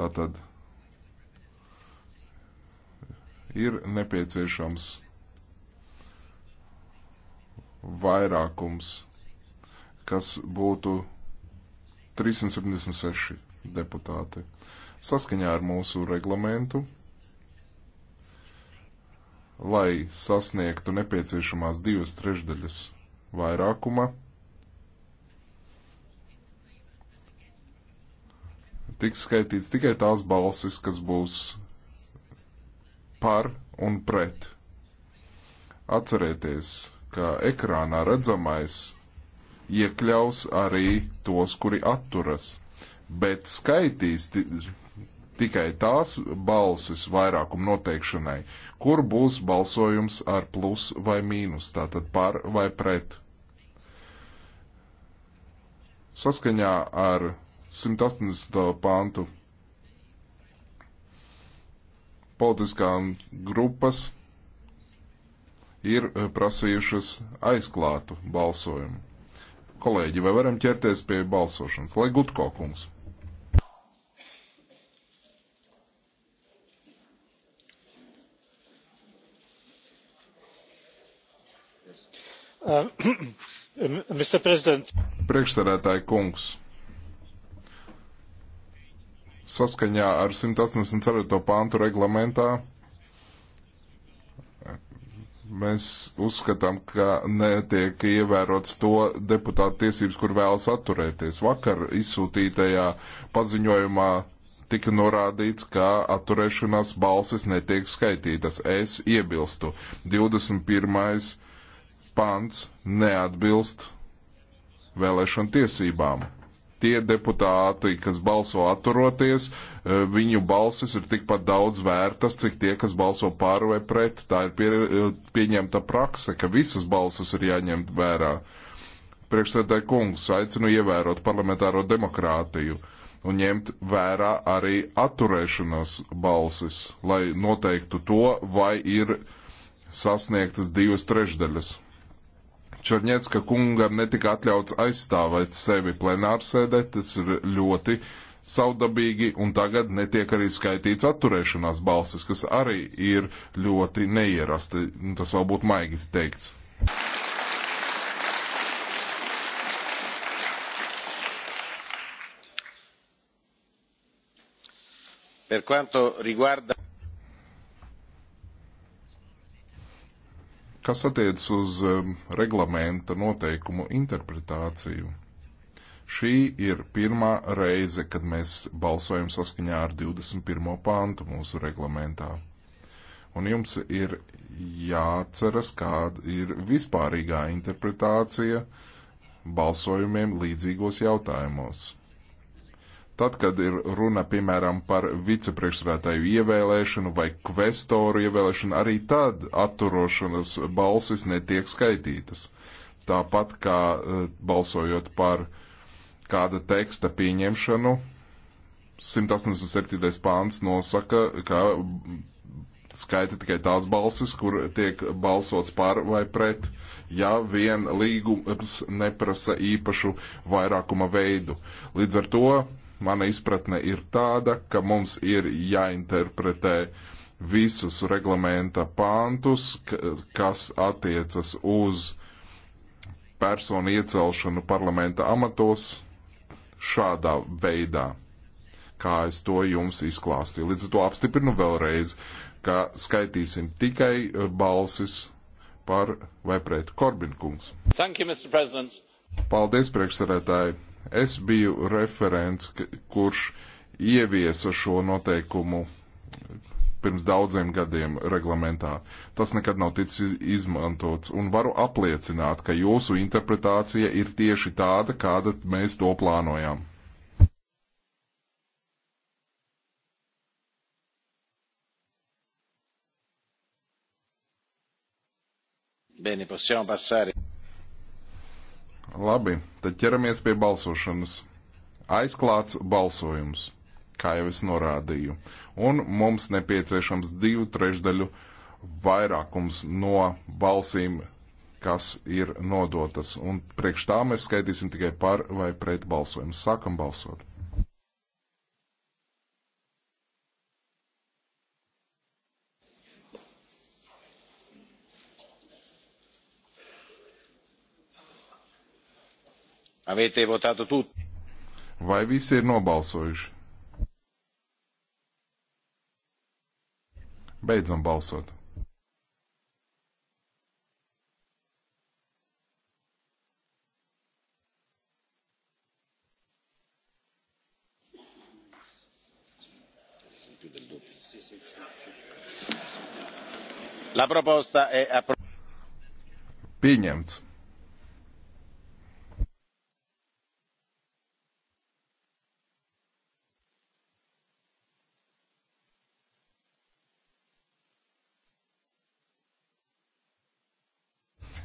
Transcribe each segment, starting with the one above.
Tātad ir nepieciešams vairākums, kas būtu 376 deputāti. Saskaņā ar mūsu reglamentu, lai sasniegtu nepieciešamās divas trešdaļas vairākuma, tiks skaitīts tikai tās balsis, kas būs par un pret. Atcerieties, ka ekrānā redzamais iekļaus arī tos, kuri atturas, bet skaitīs tikai tās balsis vairākumu noteikšanai, kur būs balsojums ar plus vai mīnus, tātad par vai pret. Saskaņā ar 180. pantu. Politiskām grupas ir eh, prasījušas aizklātu balsojumu. Kolēģi, vai varam ķerties pie balsošanas? Lai Gutko kungs. Uh, Priekšsēdētāji kungs, saskaņā ar 184. pāntu reglamentā mēs uzskatām, ka netiek ievērots to deputātu tiesības, kur vēlas atturēties. Vakar izsūtītajā paziņojumā tika norādīts, ka atturēšanās balsis netiek skaitītas. Es iebilstu. 21. pants neatbilst vēlēšanu tiesībām tie deputāti, kas balso atturoties, eh, viņu balsis ir tikpat daudz vērtas, cik tie, kas balso pār vai pret. Tā ir pie, eh, pieņemta prakse, ka visas balsis ir jāņem vērā. Priekšsēdētāji kungs aicinu ievērot parlamentāro demokrātiju un ņemt vērā arī atturēšanās balsis, lai noteiktu to, vai ir sasniegtas divas trešdaļas. Černiecka kungam netika atļauts aizstāvēt sevi plenārsēdē, tas ir ļoti saudabīgi, un tagad netiek arī skaitīts atturēšanās balsis, kas arī ir ļoti neierasti, tas vēl būtu maigi teikts. Per quanto riguarda Kas attiecas uz um, reglamenta noteikumu interpretāciju? Šī ir pirmā reize, kad mēs balsojam saskaņā ar 21. pāntu mūsu reglamentā. Un jums ir jāceras, kāda ir vispārīgā interpretācija balsojumiem līdzīgos jautājumos. Tad, kad ir runa, piemēram, par vicepriekšsēdētāju ievēlēšanu vai kvestoru ievēlēšanu, arī tad atturošanas balsis netiek skaitītas. Tāpat kā eh, balsojot par kāda teksta pieņemšanu, 187. pāns nosaka, ka skaita tikai tās balsis, kur tiek balsots par vai pret, ja vien līgums neprasa īpašu vairākuma veidu. Līdz ar to Mana izpratne ir tāda, ka mums ir jāinterpretē visus reglamenta pāntus, kas attiecas uz personu iecelšanu parlamenta amatos šādā veidā, kā es to jums izklāstīju. Līdz ar to apstiprinu vēlreiz, ka skaitīsim tikai eh, balsis par vai pret Korbinkungs. Thank you, Mr. President. Paldies, priekšsarētāji! Es biju referents, kurš ieviesa šo noteikumu pirms daudziem gadiem reglamentā. Tas nekad nav ticis izmantots, un varu apliecināt, ka jūsu interpretācija ir tieši tāda, kāda mēs to plānojām. Bene, possiamo passare. Labi, tad ķeramies pie balsošanas. Aizklāts balsojums, kā jau es norādīju, un mums nepieciešams divu trešdaļu vairākums no balsīm, kas ir nodotas, un priekš tā mēs skaitīsim tikai par vai pret balsojumu. Sākam balsot! Avete votato tutti? Vai visi ir nobalsojuši? Beidzam balsot. La proposta è approvata. Pieņemts.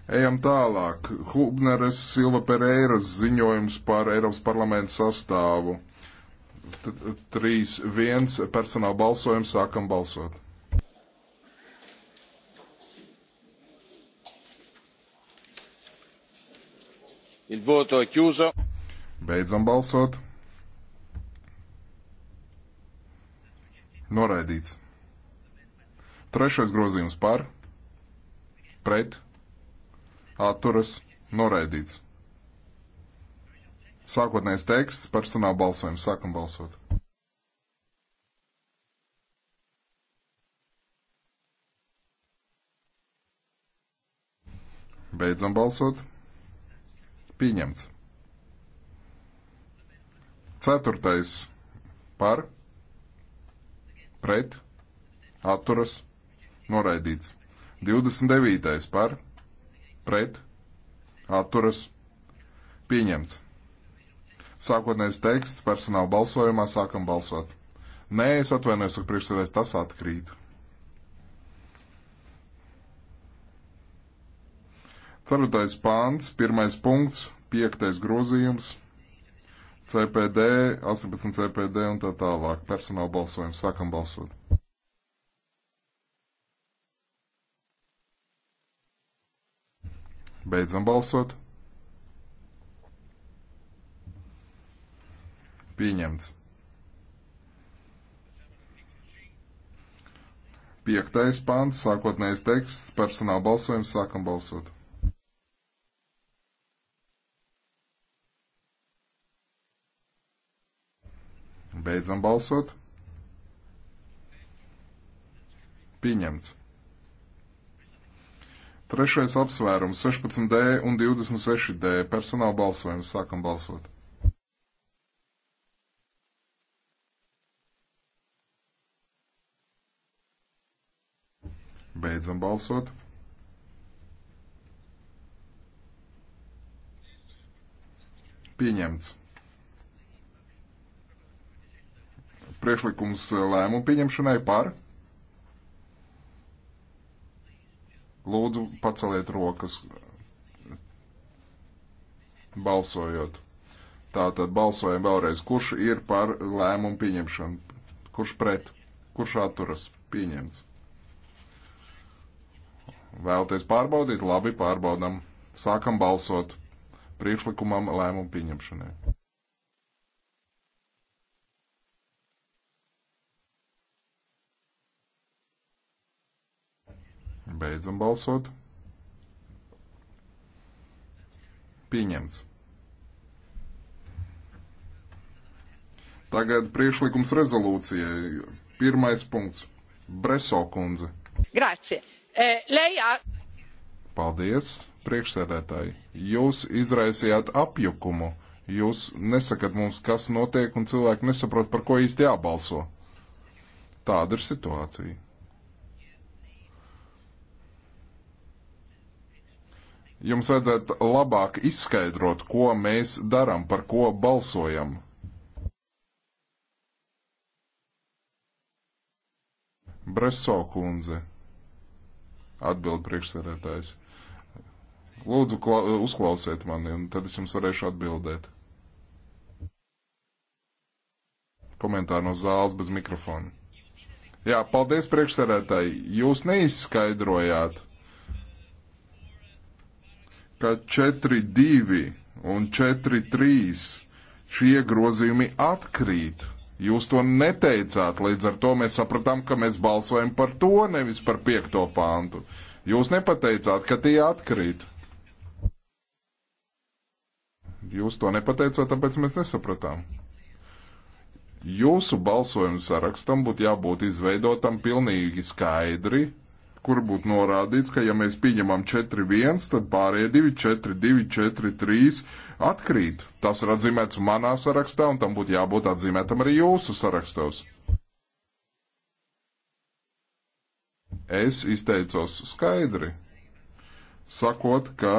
Ejam tālāk. Hubneres Silva Pereiras ziņojums par Eiropas parlamentu sastāvu. 3-1 personāla balsojums sākam balsot. Il voto è chiuso. Beidzam balsot. Noraidīts. Trešais grozījums par, pret, atturas noraidīts. Sākotnējais teksts personāla balsojums. Sākam balsot. Beidzam balsot. Pieņemts. Ceturtais par, pret, atturas, noraidīts. 29. par, pret, atturas, pieņemts. Sākotnējais teksts personāla balsojumā sākam balsot. Nē, es atvainojos, ka priekšsēdēs tas atkrīt. Ceturtais pāns, pirmais punkts, piektais grozījums, CPD, 18 CPD un tā tālāk. Personāla balsojums sākam balsot. Beidzam balsot. Pieņemts. Piektais pants, sākotnējais teksts, personāla balsojums, sākam balsot. Beidzam balsot. Pieņemts. Trešais apsvērums 16D un 26D personāla balsojums. Sākam balsot. Beidzam balsot. Pieņemts. Priekšlikums lēmumu pieņemšanai par Lūdzu, paceliet rokas balsojot. Tātad balsojam vēlreiz, kurš ir par lēmumu pieņemšanu, kurš pret, kurš atturas pieņemts. Vēlties pārbaudīt, labi pārbaudam. Sākam balsot priekšlikumam lēmumu pieņemšanai. Beidzam balsot. Pieņemts. Tagad priekšlikums rezolūcijai. Pirmais punkts. Breso kundze. Grācie. E, eh, lejā. Paldies, priekšsēdētāji. Jūs izraisījāt apjukumu. Jūs nesakat mums, kas notiek, un cilvēki nesaprot, par ko īsti jābalso. Tāda ir situācija. Jums vajadzētu labāk izskaidrot, ko mēs darām, par ko balsojam. Breso kundze, atbild priekšsarētājs. Lūdzu, uzklausiet mani, un tad es jums varēšu atbildēt. Komentāri no zāles bez mikrofona. Jā, paldies priekšsarētāji. Jūs neizskaidrojāt ka 4.2 un 4.3 šie grozījumi atkrīt. Jūs to neteicāt, līdz ar to mēs sapratām, ka mēs balsojam par to, nevis par piekto pāntu. Jūs nepateicāt, ka tie atkrīt. Jūs to nepateicāt, tāpēc mēs nesapratām. Jūsu balsojumu sarakstam būtu jābūt izveidotam pilnīgi skaidri, kur būtu norādīts, ka ja mēs pieņemam 4-1, tad pārējie 2-4-2, 4-3 atkrīt. Tas ir atzīmēts manā sarakstā, un tam būtu jābūt atzīmētam arī jūsu sarakstos. Es izteicos skaidri, sakot, ka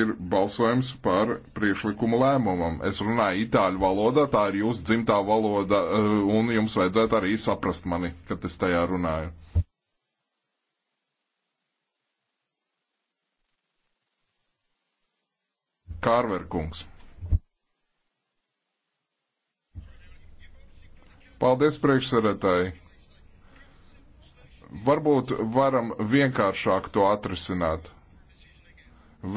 ir balsojums par priekšlikumu lēmumam. Es runāju itāļu valodā, tā ir jūsu dzimtā valoda, eh, un jums vajadzētu arī saprast mani, kad es tajā runāju. Kārver kungs. Paldies priekšsarētāji. Varbūt varam vienkāršāk to atrisināt.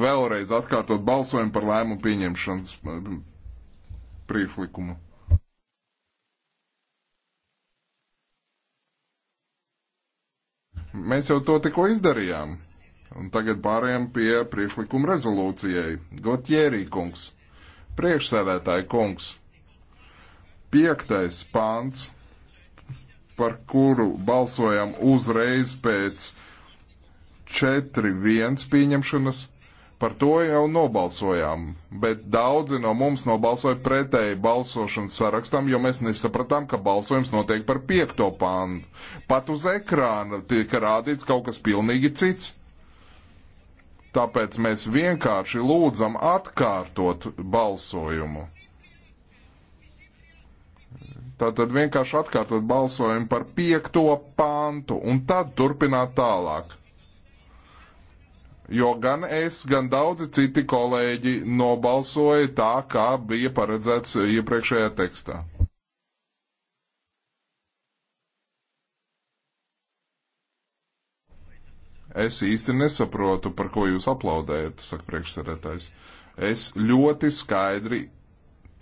Vēlreiz atkārtot balsojumu par lēmumu pieņemšanas priekšlikumu. Mēs jau to tikko izdarījām. Un tagad pārējām pie priekšlikuma rezolūcijai. Gotjērī kungs, priekšsēdētāji kungs, piektais pāns, par kuru balsojam uzreiz pēc 4-1 pieņemšanas, par to jau nobalsojām, bet daudzi no mums nobalsoja pretēji balsošanas sarakstam, jo mēs nesapratām, ka balsojums notiek par piekto pānu. Pat uz ekrāna tika rādīts kaut kas pilnīgi cits. Tāpēc mēs vienkārši lūdzam atkārtot balsojumu. Tātad vienkārši atkārtot balsojumu par piekto pāntu un tad turpināt tālāk. Jo gan es, gan daudzi citi kolēģi nobalsoja tā, kā bija paredzēts iepriekšējā tekstā. Es īsti nesaprotu, par ko jūs aplaudējat, saka priekšsēdētājs. Es ļoti skaidri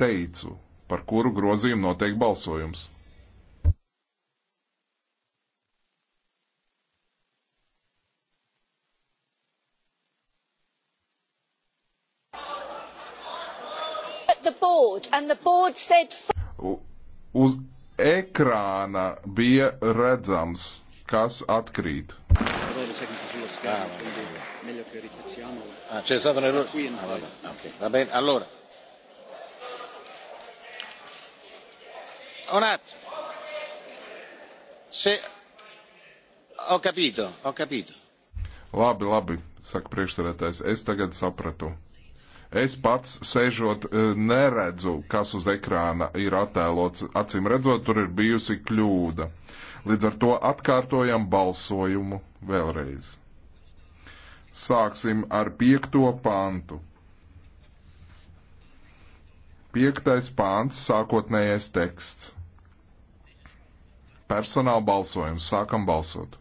teicu, par kuru grozījumu notiek balsojums. Said... Uz ekrāna bija redzams, kas atkrīt lo sai che c'è sullo schermo, ah, vabbè, quindi vabbè. meglio che ripetiamo. Ah, c'è stato un errore? Qui ah, vabbè, okay. Va bene, allora. Un attimo. Se... Ho capito, ho capito. Labi, labi, saka priekšsēdētājs. Es tagad sapratu. Es pats sēžot e, neredzu, kas uz ekrāna ir attēlots. Acīm redzot, tur ir bijusi kļūda. Līdz ar to atkārtojam balsojumu vēlreiz. Sāksim ar piekto pantu. Piektais pants, sākotnējais teksts. Personāla balsojums. Sākam balsot.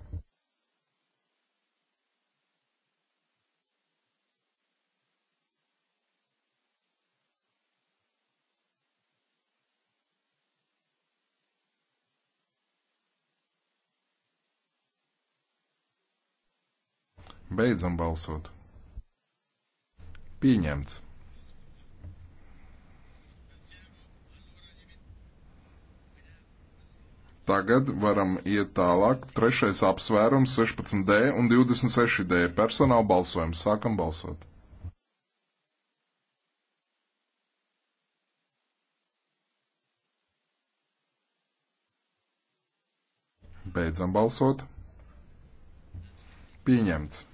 Beidzam balsot. Pieņemts. Tagad varam iet tālāk. Trešais apsvērums 16D un 26D personāla balsojums. Sākam balsot. Beidzam balsot. Pieņemts.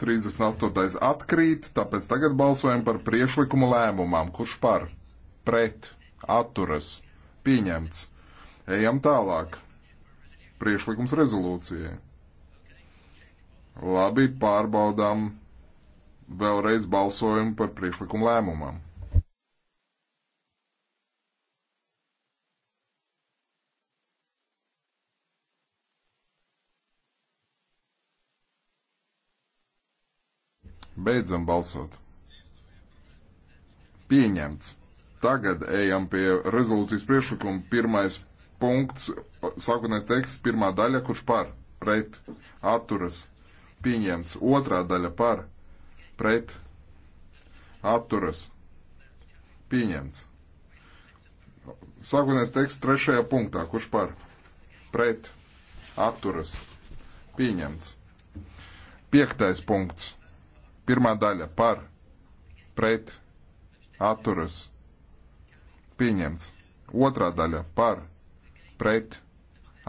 38. atkrīt, tāpēc tagad balsojam par priešlikumu lēmumam. Kurš par? Pret. Atturas. Pieņemts. Ejam tālāk. Priešlikums rezolūcijai. Labi, pārbaudām vēlreiz balsojumu par priešlikumu lēmumam. Beidzam balsot. Pieņemts. Tagad ejam pie rezolūcijas priekšlikuma. Pirmais punkts, sākotnēs teksts, pirmā daļa, kurš par, pret, atturas, pieņemts. Otrā daļa par, pret, atturas, pieņemts. Sākotnēs teksts trešajā punktā, kurš par, pret, atturas, pieņemts. Piektais punkts Pirmā daļa par, pret, atturas, pieņemts. Otrā daļa par, pret,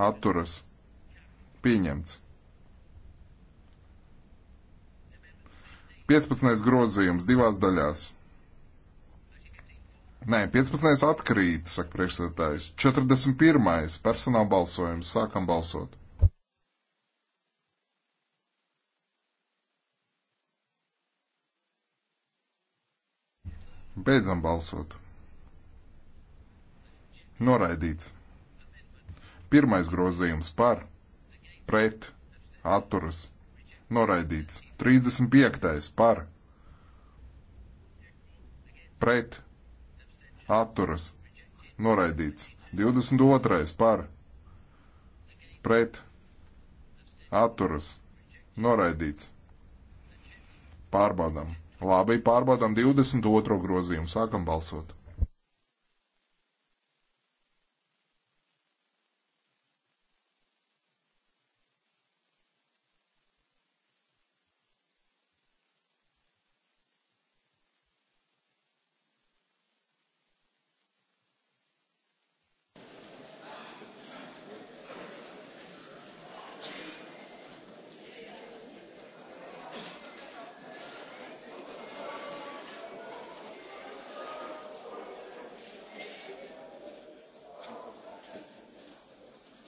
atturas, pieņemts. 15. grozījums divās daļās. Nē, 15. atkrīt, saka priekšsēdētājs. 41. personāla balsojums. Sākam balsot. Beidzam balsot. Noraidīts. Pirmais grozījums par, pret, atturas. Noraidīts. 35. par, pret, atturas. Noraidīts. 22. par, pret, atturas. Noraidīts. Pārbaudām. Labi, pārbaudām 22. grozījumu. Sākam balsot.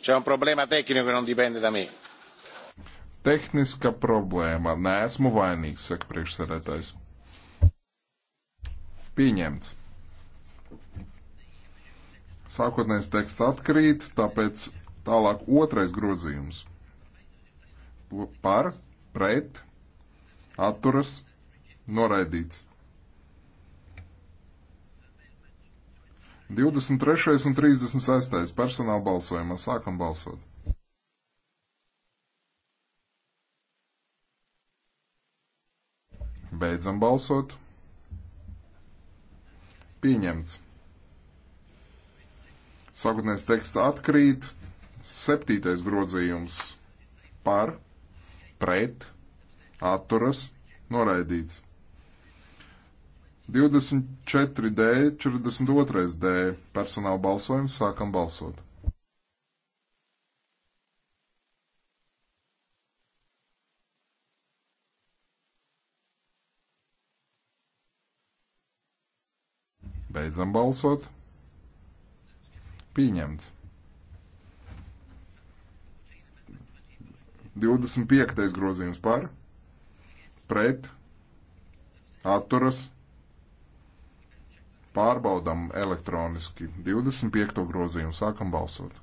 C'è un problema tecnico che non dipende da me. Tehniska problēma. Nē, esmu vainīgs, saka priekšsēdētājs. Pieņemts. Sākotnējais teksts atkrīt, tāpēc tālāk otrais grozījums. Par, pret, atturas, noraidīts. 23. un 36. personāla balsojumā sākam balsot. Beidzam balsot. Pieņemts. Sākotnējais teksts atkrīt. Septītais grozījums par, pret, atturas, noraidīts. 24D, 42D personāla balsojums, sākam balsot. Beidzam balsot. Pieņemts. 25. grozījums par, pret, atturas, Pārbaudam elektroniski 25. grozījumu, sākam balsot.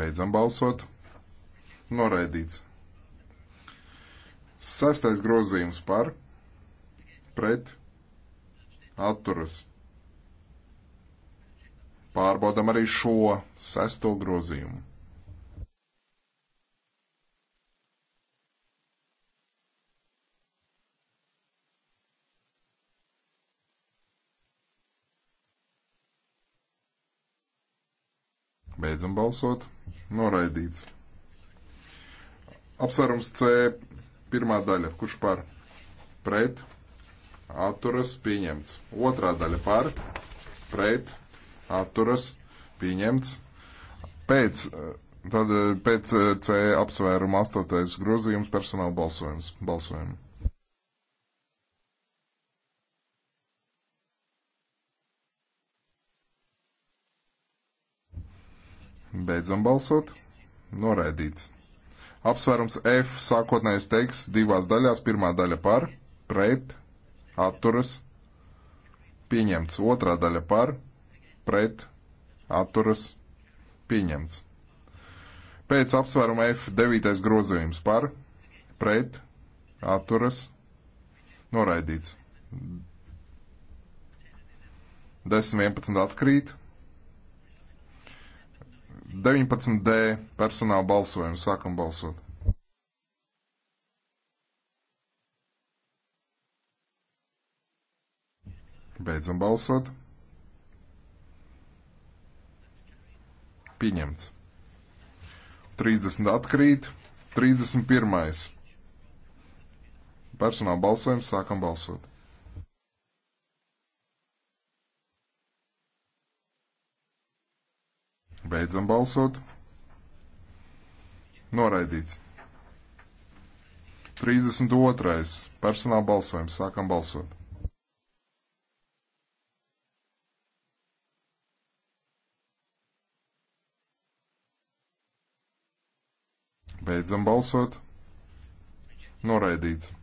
Beidzam balsot. Noraidīts. Sestais grozījums par, pret, atturas. Pārbaudam arī šo sesto grozījumu. Beidzam balsot. Noraidīts. Apsvērums C. Pirmā daļa. Kurš par? Pret. Atturas pieņemts. Otrā daļa par. Pret. Atturas pieņemts. Pēc, tad, pēc C apsvēruma astotais grozījums personāla balsojums. Balsojumu. Beidzam balsot. Noraidīts. Apsvērums F sākotnējais teksts divās daļās. Pirmā daļa par, pret, atturas, pieņemts. Otrā daļa par, pret, atturas, pieņemts. Pēc apsvēruma F devītais grozījums par, pret, atturas, noraidīts. 10, 11 atkrīt. 19D personāla balsojumu. Sākam balsot. Beidzam balsot. Pieņemts. 30 atkrīt. 31. Personāla balsojums. Sākam balsot. Beidzam balsot. Noraidīts. 32. Personāla balsojums. Sākam balsot. Beidzam balsot. Noraidīts.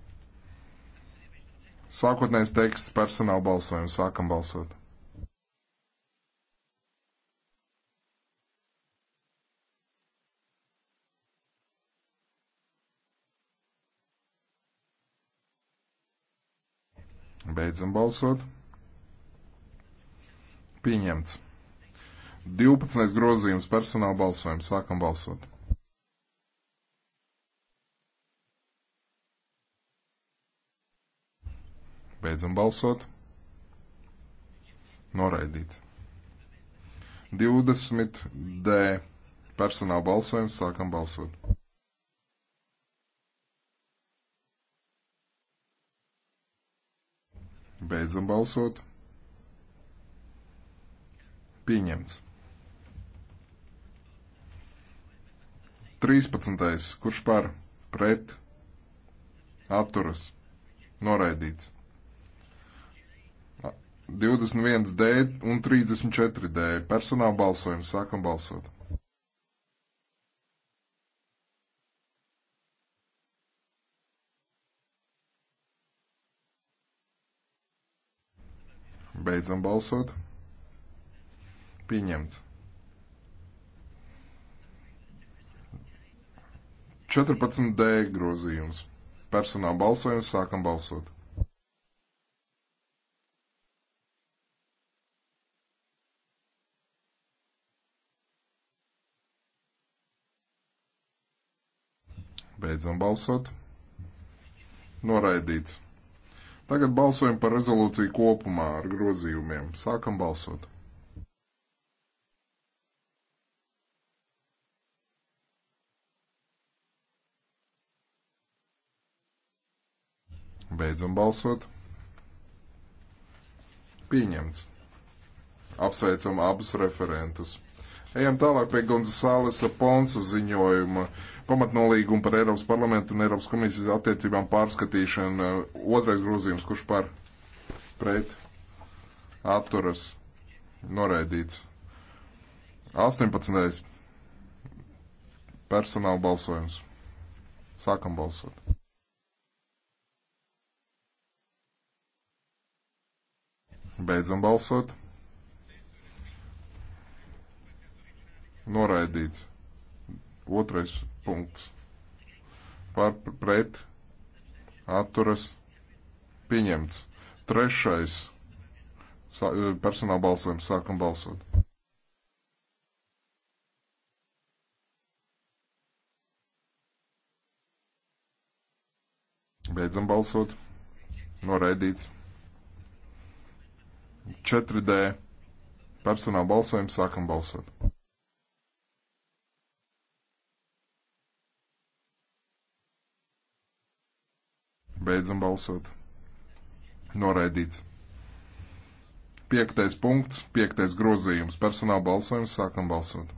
Sākotnējais teksts personāla balsojums. Sākam balsot. Beidzam balsot. Pieņemts. 12. grozījums personāla balsojums. Sākam balsot. Beidzam balsot. Noraidīts. 20. D. Personāla balsojums. Sākam balsot. Beidzam balsot. Pieņemts. 13. Kurš par? Pret. Atturas. Noraidīts. 21D un 34D. Personāla balsojums. Sākam balsot. Beidzam balsot. Pieņemts. 14D grozījums. Personāla balsojums sākam balsot. Beidzam balsot. Noraidīts. Tagad balsojam par rezolūciju kopumā ar grozījumiem. Sākam balsot. Beidzam balsot. Pieņemts. Apsveicam abus referentus. Ejam tālāk pie Gonzālesa Ponsa ziņojuma. Pamatnolīguma par Eiropas parlamentu un Eiropas komisijas attiecībām pārskatīšana. Otrais grozījums, kurš par pret atturas noraidīts. 18. personāla balsojums. Sākam balsot. Beidzam balsot. Noraidīts. Otrais punkts. Par pret atturas pieņemts. Trešais eh, personāla balsojums. Sākam balsot. Beidzam balsot. Noraidīts. 4D. Personāla balsojums. Sākam balsot. Beidzam balsot. Noraidīts. Piektais punkts, piektais grozījums. Personāla balsojums. Sākam balsot.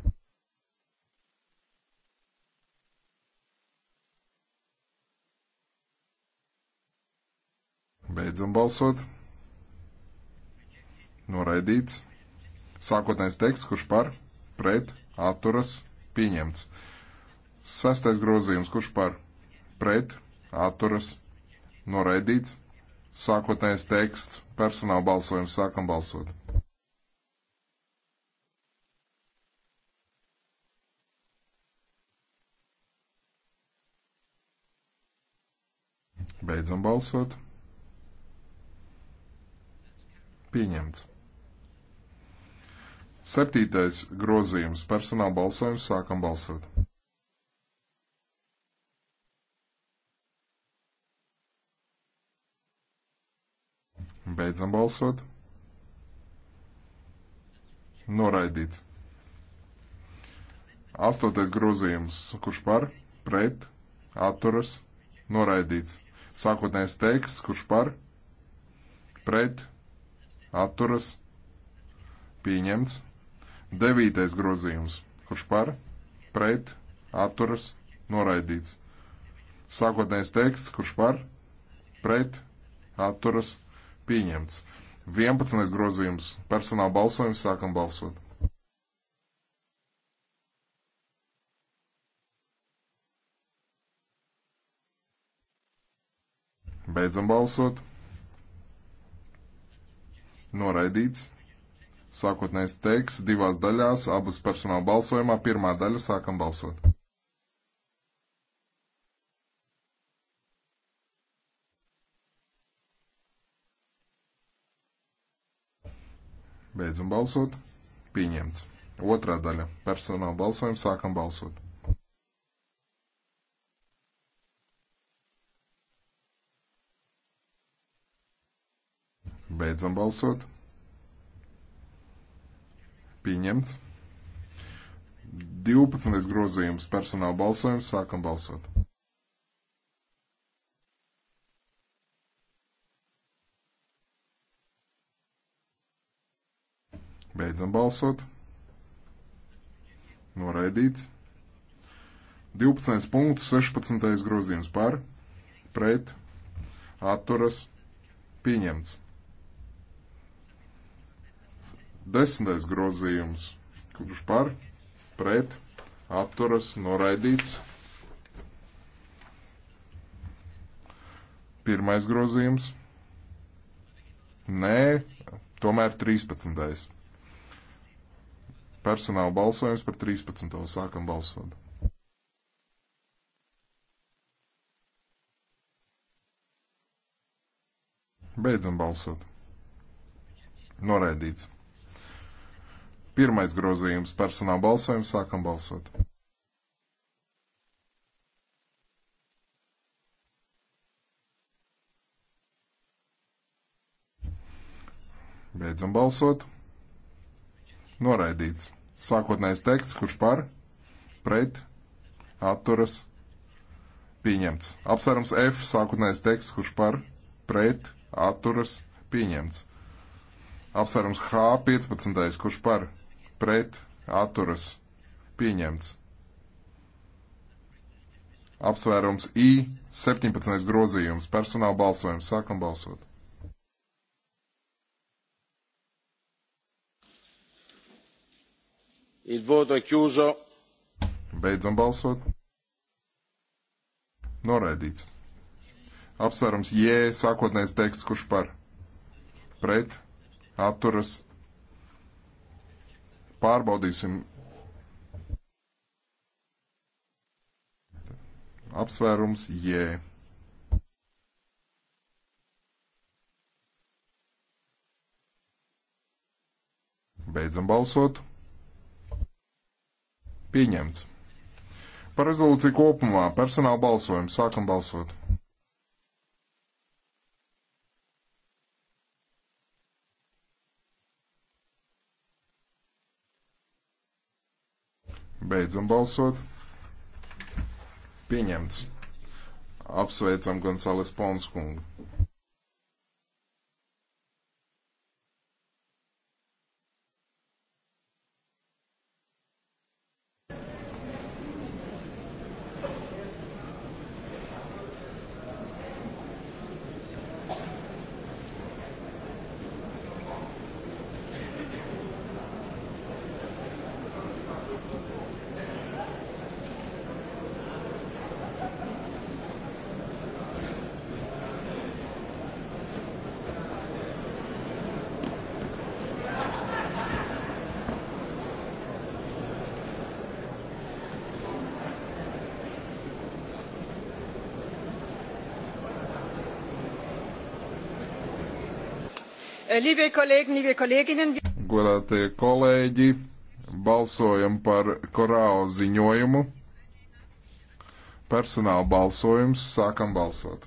Beidzam balsot. Noraidīts. Sākotnējs teksts, kurš par, pret, atturas, pieņemts. Sastais grozījums, kurš par, pret, atturas, noraidīts. Sākotnējais teksts personāla balsojums sākam balsot. Beidzam balsot. Pieņemts. Septītais grozījums personāla balsojums sākam balsot. Beidzam balsot. Noraidīts. Astotais grozījums. Kurš par? Pret. Atturas. Noraidīts. Sākotnējais teksts. Kurš par? Pret. Atturas. Pieņemts. Devītais grozījums. Kurš par? Pret. Atturas. Noraidīts. Sākotnējais teksts. Kurš par? Pret. Atturas. Noraidīts Pieņemts. 11. grozījums. Personāla balsojums. Sākam balsot. Beidzam balsot. Noraidīts. Sākotnējs teiks divās daļās, abas personāla balsojumā. Pirmā daļa sākam balsot. Beidzam balsot. Pieņemts. Otrā daļa. Personāla balsojums. Sākam balsot. Beidzam balsot. Pieņemts. 12. grozījums personāla balsojums. Sākam balsot. Beidzam balsot. Noraidīts. 12. punkts, 16. grozījums par, pret, atturas, pieņemts. 10. grozījums, kurš par, pret, atturas, noraidīts. 1. grozījums. Nē, tomēr 13. Personāla balsojums par 13. sākam balsot. Beidzam balsot. Noraidīts. Pirmais grozījums - personāla balsojums. Sākam balsot. Beidzam balsot noraidīts. Sākotnējais teksts, kurš par, pret, atturas, pieņemts. Apsvērums F, sākotnējais teksts, kurš par, pret, atturas, pieņemts. Apsvērums H, 15, kurš par, pret, atturas, pieņemts. Apsvērums I, 17 grozījums, personāla balsojums, sākam balsot. Il voto è chiuso. Beidzam balsot. Noraidīts. Apsvērums J sākotnējais teksts, kurš par pret atturas. Pārbaudīsim. Apsvērums J. Beidzam balsot. Pieņemts. Par rezolūciju kopumā personāla balsojumu sākam balsot. Beidzam balsot. Pieņemts. Apsveicam Gonzales Ponskungu. Liebe kolēģi, liebe kolēģinen. Godātie kolēģi, balsojam par korāo ziņojumu. Personāla balsojums, sākam balsot.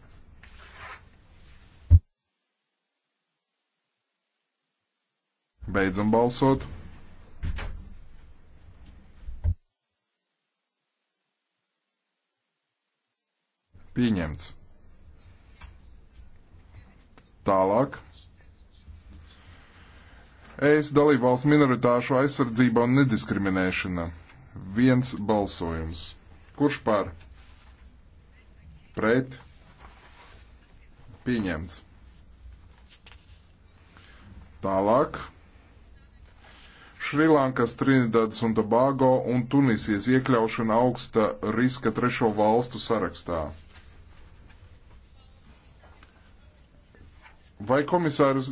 Beidzam balsot. Pieņemts. Tālāk. Es dalībvalstu minoritāšu aizsardzība un nediskriminēšana. Viens balsojums. Kurš par? Pret? Pieņemts. Tālāk. Šrilankas, Trinidadas un Tobago un Tunisijas iekļaušana augsta riska trešo valstu sarakstā. Vai komisārs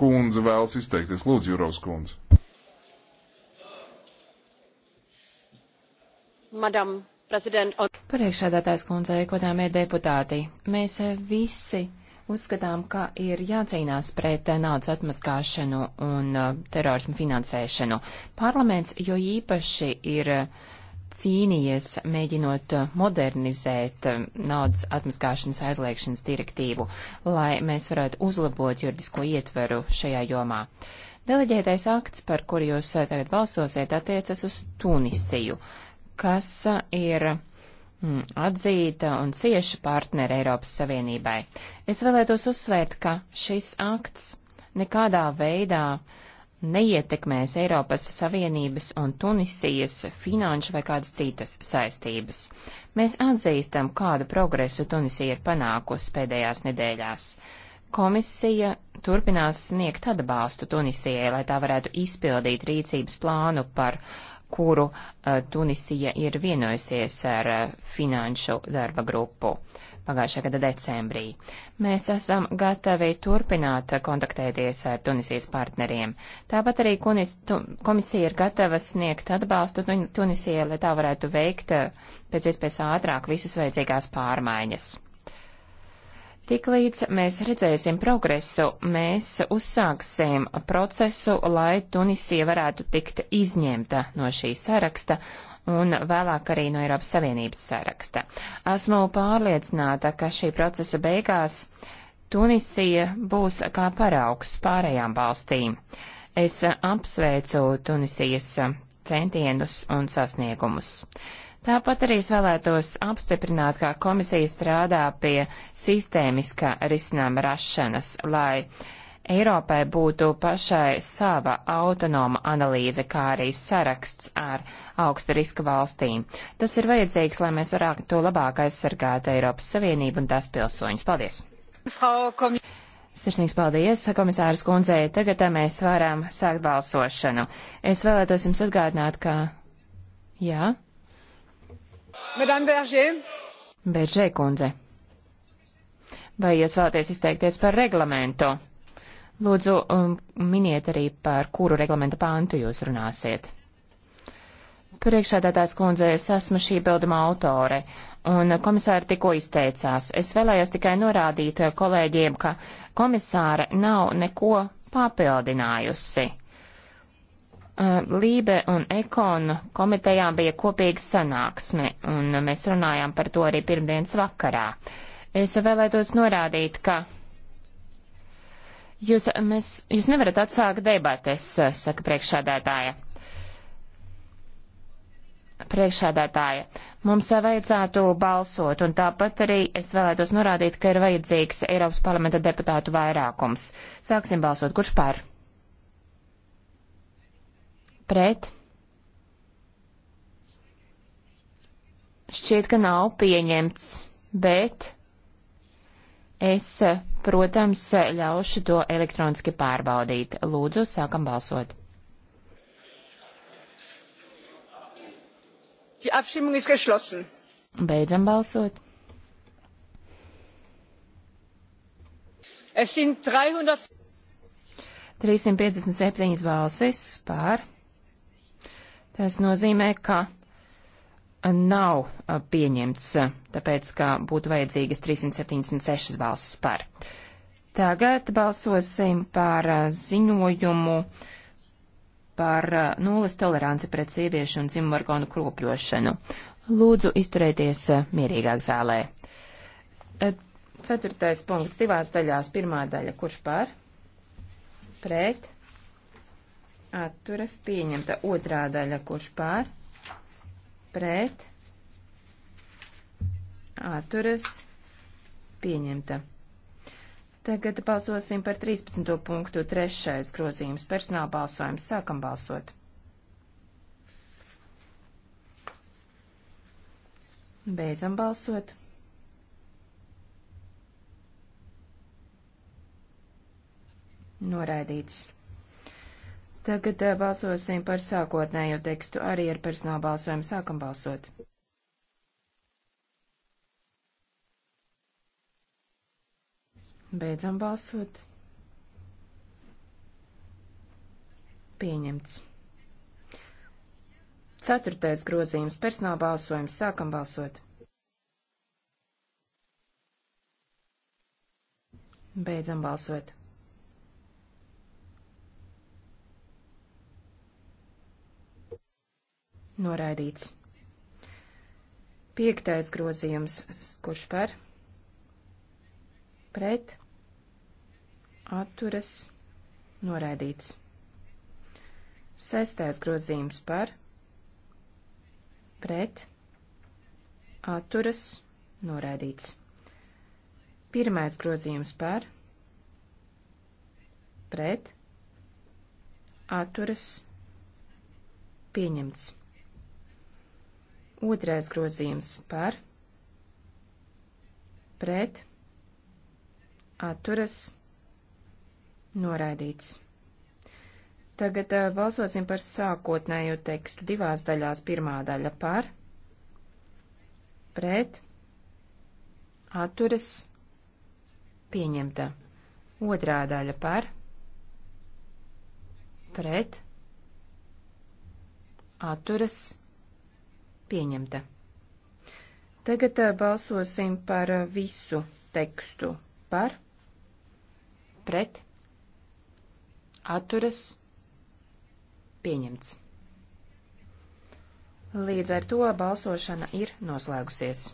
kundze vēlas izteikties? Lūdzu, Jurovs kundze. Madam President. Priekšsēdētājs kundzei, kodāmie deputāti, mēs visi uzskatām, ka ir jācīnās pret naudas atmaskāšanu un uh, terorismu finansēšanu. Parlaments jo īpaši ir uh, cīnījies, mēģinot modernizēt um, naudas atmaskāšanas aizliekšanas direktīvu, lai mēs varētu uzlabot juridisko ietveru šajā jomā. Deleģētais akts, par kuru jūs uh, tagad balsosiet, attiecas uz Tunisiju, kas uh, ir mm, atzīta un cieša partnera Eiropas Savienībai. Es vēlētos uzsvērt, ka šis akts nekādā veidā uh, neietekmēs Eiropas Savienības un Tunisijas finanšu vai kādas citas saistības. Mēs atzīstam, kādu progresu Tunisija ir panākusi pēdējās nedēļās. Komisija turpinās sniegt atbalstu Tunisijai, lai tā varētu izpildīt rīcības plānu par kuru uh, Tunisija ir vienojusies ar uh, finanšu darba grupu. Uh, pagājušā gada decembrī. Mēs esam gatavi turpināt kontaktēties ar Tunisijas partneriem. Tāpat arī kunis, tu, komisija ir gatava sniegt atbalstu Tunisijai, lai tā varētu veikt eh, pēc iespējas ātrāk visas vajadzīgās pārmaiņas. Tiklīdz mēs redzēsim progresu, mēs uzsāksim procesu, lai Tunisija varētu tikt izņemta no šī saraksta un vēlāk arī no Eiropas Savienības saraksta. Esmu pārliecināta, ka šī procesa beigās Tunisija būs kā paraugs pārējām valstīm. Es apsveicu Tunisijas centienus un sasniegumus. Tāpat arī es vēlētos apstiprināt, kā komisija strādā pie sistēmiskā risinājuma rašanas, lai Eiropai būtu pašai sava autonoma analīze, kā arī saraksts ar augsta riska valstīm. Tas ir vajadzīgs, lai mēs varētu labāk aizsargāt Eiropas Savienību un tās pilsoņus. Paldies! Sirsnīgs paldies, komisāras kundzei. Tagad eh, mēs varam sākt balsošanu. Es vēlētos jums atgādināt, ka. Jā? Madame Berger. Berger kundze. Vai jūs vēlaties izteikties par reglamentu? Lūdzu, um, miniet arī, par kuru reglamenta pāntu jūs runāsiet. Priekšsēdētājs kundze, es esmu šī bilduma autore, un komisāra tikko izteicās. Es vēlējos tikai norādīt kolēģiem, ka komisāra nav neko papildinājusi. Uh, Lībe un Ekonu komitejām bija kopīga sanāksme, un mēs runājām par to arī pirmdienas vakarā. Es vēlētos norādīt, ka Jūs, mēs, jūs nevarat atsākt debates, eh, saka priekšsādātāja. Priekšsādātāja, mums vajadzētu balsot, un tāpat arī es vēlētos norādīt, ka ir vajadzīgs Eiropas parlamenta deputātu vairākums. Sāksim balsot, kurš par? Pret? Šķiet, ka nav pieņemts, bet. Es, protams, ļaušu to elektroniski pārbaudīt. Lūdzu, sākam balsot. Beidzam balsot. Es sind 300... 357 balsis pār. Tas nozīmē, ka nav uh, pieņemts, uh, tāpēc, ka būtu vajadzīgas 376 balsis par. Tagad balsosim par uh, ziņojumu par nulles toleranci pret sieviešu un dzimumorganu kropļošanu. Lūdzu, izturēties mierīgāk zālē. Ceturtais punkts divās daļās. Pirmā daļa, kurš par? Pret. Atturas pieņemta. Otrā daļa, kurš par? pret, atturas, pieņemta. Tagad balsosim par 13. punktu trešais grozījums personāla balsojums. Sākam balsot. Beidzam balsot. Noraidīts. Tagad eh, balsosim par sākotnējo tekstu arī ar personālu balsojumu. Sākam balsot. Beidzam balsot. Pieņemts. Ceturtais grozījums - personāla balsojums. Sākam balsot. Beidzam balsot. Noraidīts. Piektais grozījums, kurš par, pret, atturas, noraidīts. Sestais grozījums par, pret, atturas, noraidīts. Pirmais grozījums par, pret, atturas, pieņemts. Otrais grozījums par, pret, atturas, noraidīts. Tagad uh, balsosim par sākotnējo tekstu divās daļās. Pirmā daļa par, pret, atturas, pieņemta. Otrā daļa par, pret, atturas, pieņemta Pieņemta. Tagad balsosim par visu tekstu. Par, pret, atturas, pieņemts. Līdz ar to balsošana ir noslēgusies.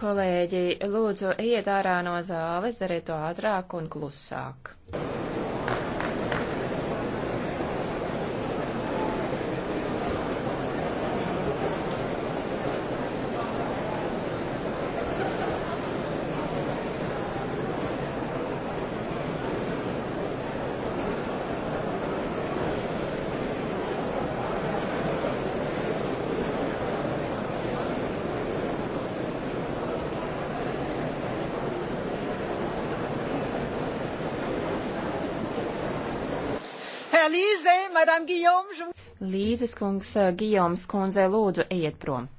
Kolēģi, lūdzu, ejiet ārā no zāles, dariet to ātrāk un klusāk. Līzes kungs, eh, Gijoms kundze, lūdzu, ejiet prom.